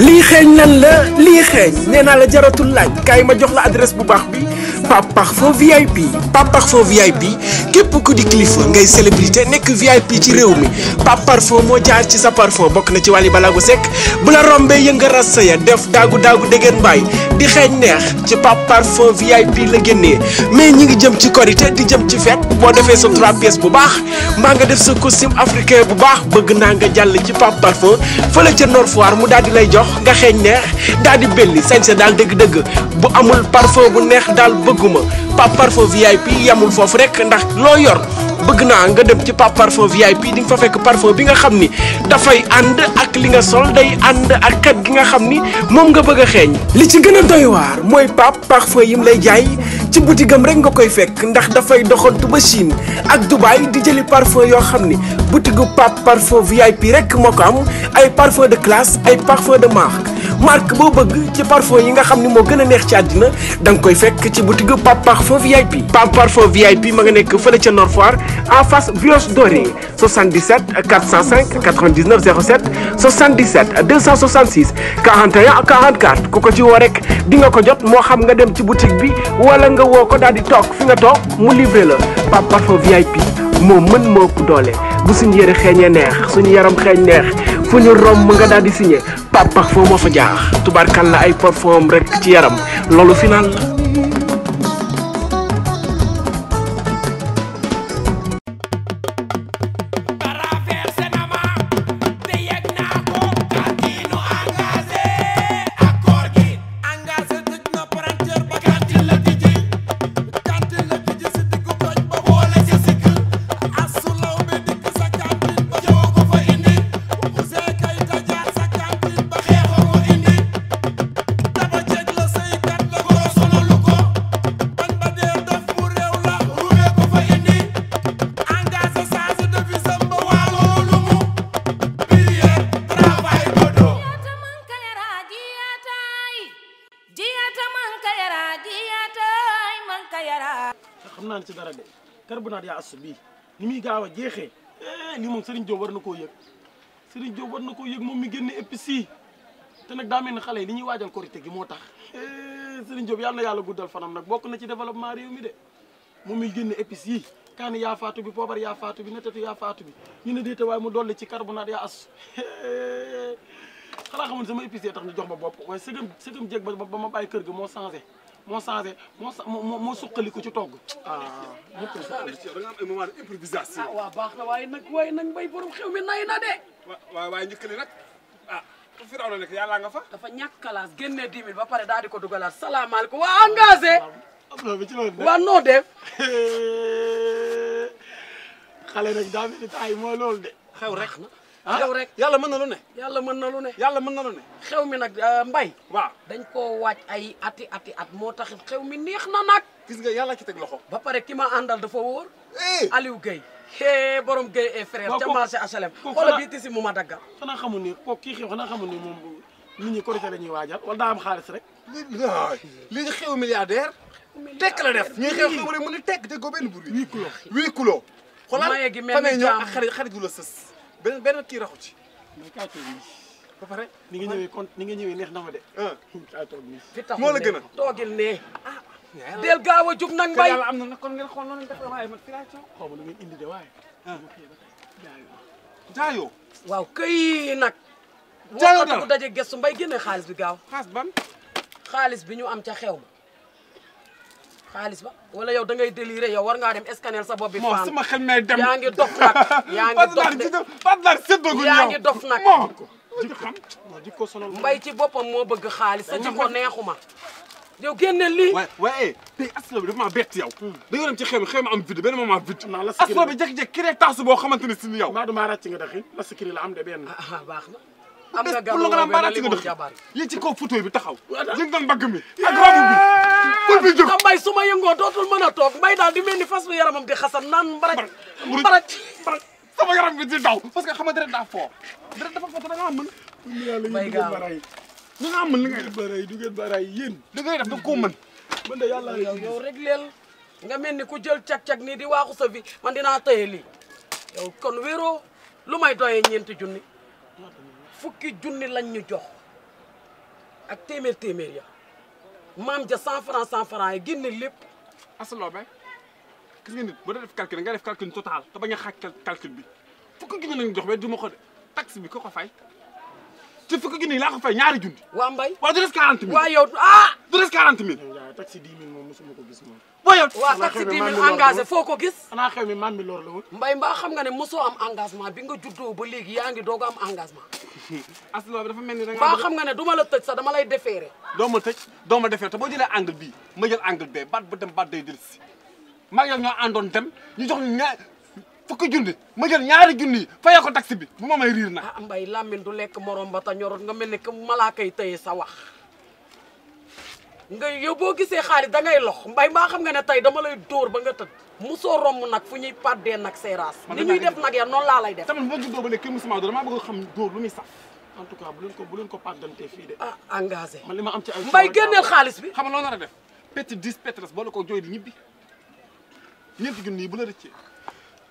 lii xeeñ lan la lii xeeñ nee naa la jaratul laaj kaay ma jox la adresse bu baax bi Pape Parfum VIP Pape Parfum VIP képp ku di kilifa ngay célébrité nekk VIP ci réew mi Pape Parfum moo jaar ci sa parfum bokk na ci wàlli balaagu sekk bu la rombee yënga rasta ya def daagu daagu dégeen mbaay di xeeñ neex ci Pape Parfum VIP la génnee mais ñi ngi jëm ci korité di jëm ci fête boo defee sa trois pièces bu baax maa nga def sa costume africain bu baax bëgg naa nga jàll ci Pape Parfum fële ca Nord Foire mu daal di lay jox nga xeeñ neex daal di belli sañse daal dëgg-dëgg bu amul parfum bu neex daal bëgguma pa parfum VIP yamul foofu rekk ndax loo yor bëgg naa nga dem ci Pape Parfum VIP di nga fa fekk parfum bi nga xam ni dafay ànd ak li nga sol day ànd ak kat gi nga xam ni moom nga bëgg a xeeñ. li ci gën a doy waar mooy Pape Parfum yim lay jaay ci boutigam rek nga koy fekk ndax dafay doxantu ba Chine ak Dubaï di jëli parfum yoo xam ni boutigu Pape Parfum VIP rek moo ko am ay parfum de classe ay parfum de marque. marque boo bëgg ci parfum yi nga xam ne moo gën a neex ci àddina danga koy fekk ci boutique Pape Parfum VIP Pape nga nekk fële ca Nord en face brioche dorée 77 405 99 07 77 266 41 44 ku ko ci woo rek di nga ko jot moo xam nga dem ci boutique bi wala nga woo ko daal di toog fi nga toog mu livré la Pape Parfum VIP moo mën moo ëpp doole bu suñu yëre xeeñee neex suñu yaram xeeñ neex fu ñu romb nga daal di signé Pape Parfum moo fa jaax tubaarkal la ay parfum rek ci yaram loolu final Maam Yaa Astu ni muy gaaw a jeexee lii eh, moom Serigne Diop war na koo yëg Serigne Diop war na koo yëg moom mi génne épices te nag daa mel ni xale yi li ñuy waajal korité gi moo tax. Eh, Serigne Diop yàlla na yàlla guddal fanam nag bokk na ci développement réew de moom mi génne épices yi bi poobar yaa faatu bi netatu yaa faatu bi ñu ne déeta waaye mu dolli ci carbonate yaa astu eh, xanaa xamoon sama épices tax ñu jox ma bopp waaye sëgëm sëgëm jeeg ba ba ma bàyyi kër ga moo changé. moo changé moo moo moo suqaliku ci togg. ah ñëpp a suqaliku baax na waaye nag waaye nag mbay borom xew mi nay na de. waaw waaye njëkkale nag ah fi raw na nekk yàlla nga fa. dafa ñàkk kalaas génnee 10 ba pare daal di ko dugalaat salaamaaleykum waa engagé. waaw noo def. xale nag daa mel ni taay moo loolu de. xew rek na. xew ah, rek yàlla mën na lu ne yàlla mën na lu yàlla mën na xew mi nag euh, mbay waaw dañ koo waaj ay ati ati at moo tax xew mi neex na nag gis nga yàlla ci teg loxo ba pare ki ma àndal dafa wóor eh. Aliou Gueye hee borom Gueye et frère ca marché HLM xoola bii tisi mu ma daggal xanaa xamul ni kooku kii xew na xamul ni moom nit ñi ko la ñuy waajal wala daa am xaalis rek li nga xew milliardaire tekk la def ñuy xew xew rek mu ni tekk te go benn bur wi huit kilos huit kilos xoolal xarit la sës benn benn kii raxu ci. mais kaay toog ni nga ñëwee neex na ma de. Ah. kaay toog moo la gën a toogil nee. Ah. ah del gaaw a jub nag mbay. am na nag kon ngeen xool noonu def la ma lu ngeen indi de waaye. Ah. jaayoo. waaw këy nag. jaayoo dara ko daje gëstu mbay génne xaalis bi gaaw. xaalis ban. xaalis bi ñu am ca xew ma. xaalis ba wala yow da ngay déliré yow war ngaa dem scanner sa bopp bi. moom sama xel may dem yaa ngi dof nag. yaa ngi dof de Fadlar séddaguñu yow yaa ngi dof nag. mbay ci boppam moo bëgg xaalis sa jikko neexuma. yow génne lii. waay waay eh, tey aslo bi dafa maa bett yow. Hmm. dañoo dem ci xew mi xew ma am vide benn moment vide. naa la sikiri aslo bi jékki-jékki créé taasu boo xamante ne si ni yow. Maodo maa ràcc nga daxi la sikiri la am de benn. ah, ah baax na. am nga gàllankoor benn li mu jabaar am nga gàllankoor benn li mu jabaar. yéen ci kaw photo bi taxaw. yéen nga mbagg mi ak rabu bi. bul fi jóg ma yëngoo dootul mën a toog mbay daal di mel ni fas bu yaramam di xasan naan mbaraj mbaraj mbaraj sama yaram bi di daw parce que xam nga deret naa fort deret dafa fort da nga mën mbay da nga mën def baray du baray yéen da ngay def da ko mën man de yàlla yow rek leel nga mel ni ku jël cag-cag nii di waaxu sa fi man dinaa tëye lii yow kon wéeroo lu may doyee ñeenti junni fukki junni lañ ñu jox ak téeméer téeméer ya maam ja cent franc cent franc yi génne lépp. asaloo ba gis nga nit ba def calcul nga def calcul total te bañ a xaaj calcul bi fukki junni lañ jox ba du ma ko de taxe bi ko ko fay te fukki junni laa ko fay ñaari junni. waa mbay waa du des quarante mille. waa yow ah du des quarante mille. waaw taxe dix foo ko gis. xanaa xew mi maam mi lor la mbay mbaa xam nga ne mosoo am engagement bi nga juddoo ba léegi yaa ngi doog am engagement. aslo bi dafa mel ni da nga. xam nga ne duma la tëj sa dama lay defeere. doo ma tëj doo ma defeere te boo jëlee angle bii ma jël angle bee bat ba dem bat day dellu ma maa ngi ñoo àndoon dem ñu jox ñu ñaar fukki junni ma jël ñaari junni yi fayee ko taxi bi bu ma may riir na. ah mbay Lamine du lekk morom ba ta ñoroon nga mel ni que malaaka yi tëye sa wax nga yow boo gisee xaalis dangay lox mbay maa xam nga ne tey dama lay dóor ba nga tëdd. musoo romb nag fu ñuy pàddee nag seeraas ni ñuy def nag ya noonu laa def tamit boo ba léegi kenn musuma dama bëgg xam dóor lu muy saf en tout cas bu leen ah, am ci ay mbay génneel xaalis bi xam nga loo nar a def péti dix pétres boo ko jooy di ñibbi ñeenti junni yi bu la rëccee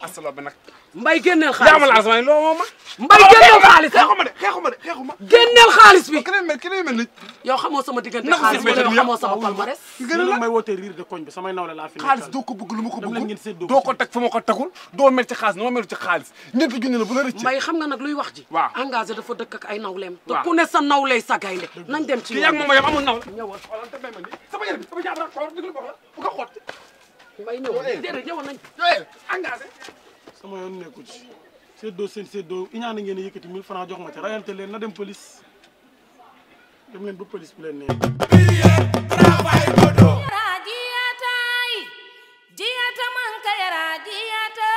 asalo bi nag. mbay génneel xaalis bi jaamal asamaay loo moom ma. mbay génneel xaalis bi xeexuma de xeexuma de xeexuma. génneel xaalis bi keneen mel keneen mel ni. yow xamoo sama diggante xaalis bi yow xamoo sama palmarès. gën la may wootee riir de koñ bi samay nawle laa fi. xaalis doo ko bëgg lu ma ko bëggul doo ko teg fu ma ko tegul doo mel ci xaalis noo mel ci xaalis ñetti junni la bu la rëcc. mbay xam nga nag luy wax ji. waaw engagé dafa dëkk ak ay nawleem. waaw te ku ne sa nawley sa gaynde nañ dem ci. kii ak moom yow amul naw ñëwal xoolal te may ma nii sama yére bi sama jaar mbay ñëw déedéet ñëwoon nañ engagé sama yoon nekkul ci seddoo seen seddoo iñaana ngeen yëkkati mille francs jox ma ci rayante leen na dem police dem leen ba police bu leen nee jiyata man ka yara jiyata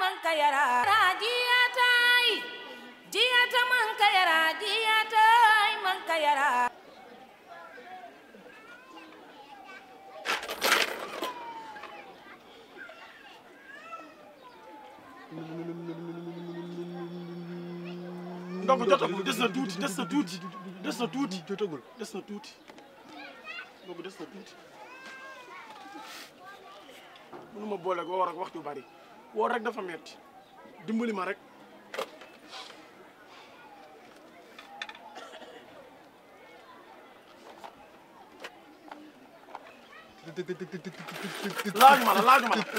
man ka yara donc jotagul des na tuuti des na tuuti des na tuuti jotagul des na tuuti donc des na tuuti boole ko woor a wax ju bari woor rek dafa metti dimbali ma rek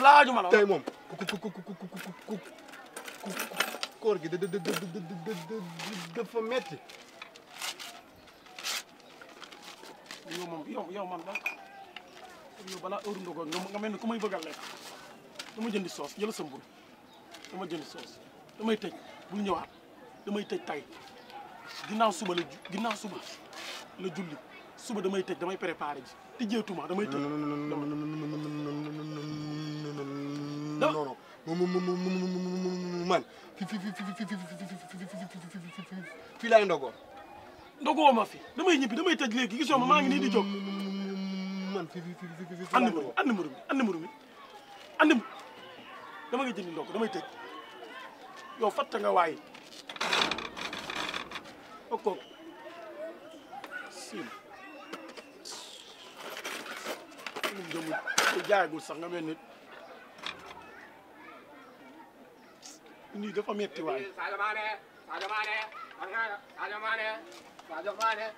laaju ma la laaju koor gi da da da dafa metti yow moom yow yow man da yow balaa heure ndogo nga mel ni ku may bëgg a lekk dama jëndi soos jël sa mburu dama jëndi soos damay tëj bul ñëwaat damay tëj tay ginnaaw suba ginnaaw suba la julli suba damay tëj damay préparé ji tëjeetuma damay tëj. non non non non non non non non non non non non man fi fi fi fi fi laay ndogoo. ndogoo ma fi damay ñibbi damay tëj léegi gisoo ma maa ngi nii di jóg. man fi fi fi fi andi mburu andi mburu andi mburu andi dama nga jëndi ndog damay tëj yow fatta nga waay okok sim mu jëmul jaayagul sax nga mel nit nii dafa metti waay Sadio Mané Sadio Mané Sadio Mané Sadio Mané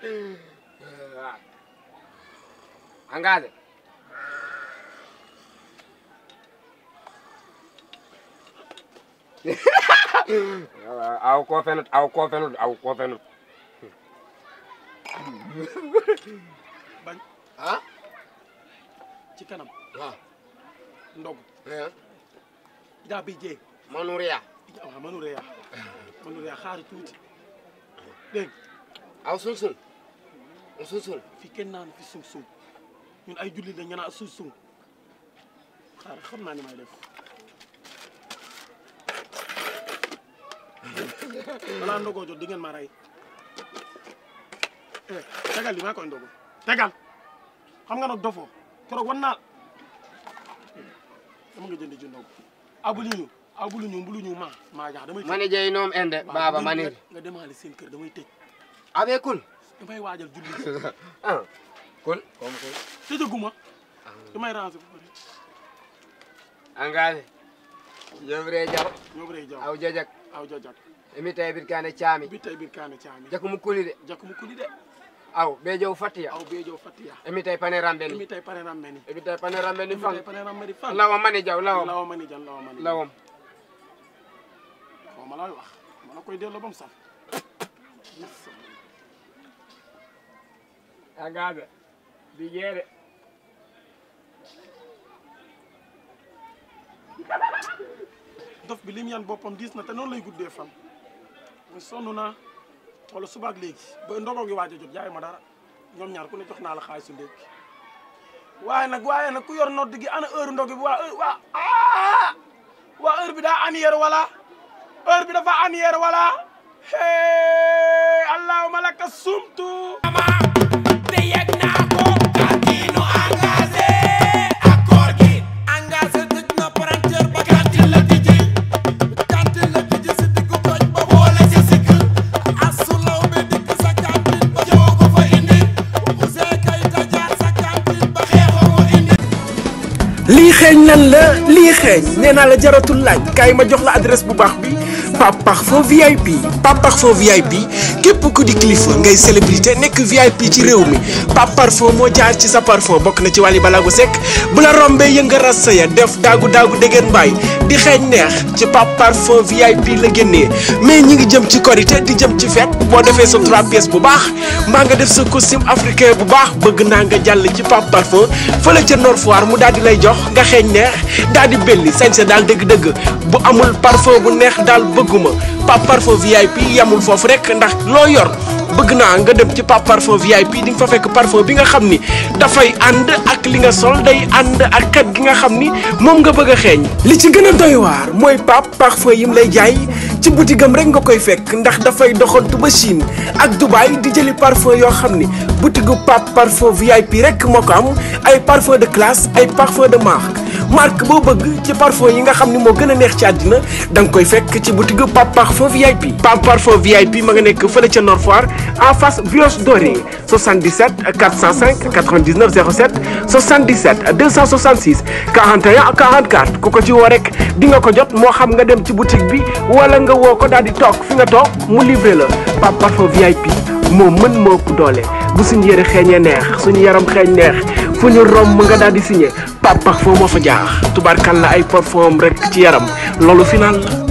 engagé aw ko fenut aw ko fenut aw ko fenut Ah? ci kanam. waaw. ndog. Eh? daa bi jee. manuria. waaw manuria. manuria xaar tuuti dégg aw fi kenn naan fi suñ suñ ay jullit la ñu naan suñ suñ xaaral xam naa ni may def. balaa ndogoo jot di ngeen ma rey. Eh, tegal li maa koy ndogu tegal xam nga nag dofoo keroog wan eh, dama nga jënd ji ndogu abuluñu abuluñu mbuluñu ma maa jax damay. ma ne jey noom inde baaba ma nga demaale seen kër damay tëj. abe kul. damay waajal julli. ah kul. comme kul. tëjaguma. Ah. damay ranger ba pare. angaale. jaw. aw jajak. aw jajak. imi tay bir kaane caami. bi tay bir kaane caami. jakku mu kuli kuli de. aw ɓeejow fatiya aw ɓeejow fatiya emi tawi pane ramɓeni emi tawi fan pane ramɓeni fan jaw lawam lawa mani jaw lawa mani lawam ko malawi wax mala koye delloo bam saf agaaɓe dof bi lim yan boppam diis na te noonu lay guddee fan mu sonn naa wala subaak léegi ba ndogo ngi a jot jaay ma dara ñoom ñaar ku ne jox naa la xaalis su ndékki waaye nag waaye nag ku yor nodd gi ana heure ndogi bi waa waa ah waa heure bi daa annière wala heure bi dafa annière wala allahumma laka sum xeeñ nee naa la jaratul laaj kaay ma jox la adresse bu baax bi Pape Parfum VIP Pape Parfum VIP képp ku di kilifa ngay célébrité nekk VIP ci réew mi Pape Parfum moo jaar ci sa parfum bokk na ci Wally Ballago Seck bu la rombee yënga rasta ya def daagu daagu dégeen mbaay di xeeñ neex ci Pape Parfum VIP la génnee mais ñi ngi jëm ci korité di jëm ci fête boo defee sa trois pièces bu baax maa nga def sa costume africain bu baax bëgg naa nga jàll ci Pape Parfum fële ca Nord Foire mu daal di lay jox nga xeeñ neex daal di belli sañse daal dëgg-dëgg bu amul parfum bu neex daal bëgguma Pape Parfum VIP yamul foofu rek ndax loo yor bëgg naa nga dem ci Pape Parfum VIP di nga fa fekk parfum bi nga xam ni dafay ànd ak li nga sol day ànd ak kat gi nga xam ni moom nga bëgg a xeeñ. li ci gën a doy waar mooy Pape Parfum yim lay jaay ci gam rek nga koy fekk ndax dafay doxantu ba Chine ak Dubaï di jëli parfum yoo xam ni boutigu Pape Parfum VIP rek moo ko am ay parfois de classe ay parfum de marque. marque boo bëgg ci parfum yi nga xam ne moo gën a neex ci àddina da nga koy fekk ci boutique Pape Parfum VIP. Pape Parfum VIP ma nga nekk fële ca Nord Foire en face Brioche Dorée 77 405 99 07 77 266 ku ko ci woo rek di ko jot moo xam nga dem ci boutique bi wala nga woo ko daal di toog fi nga toog mu livré la Pape Parfum VIP moo mën moo ëpp doole. bu suñu yëre xeeñee neex suñu yaram xeeñ neex fu ñu romb nga daal di signé Pape Parfum moo fa jaax tubaarkal la ay foom rek ci yaram loolu final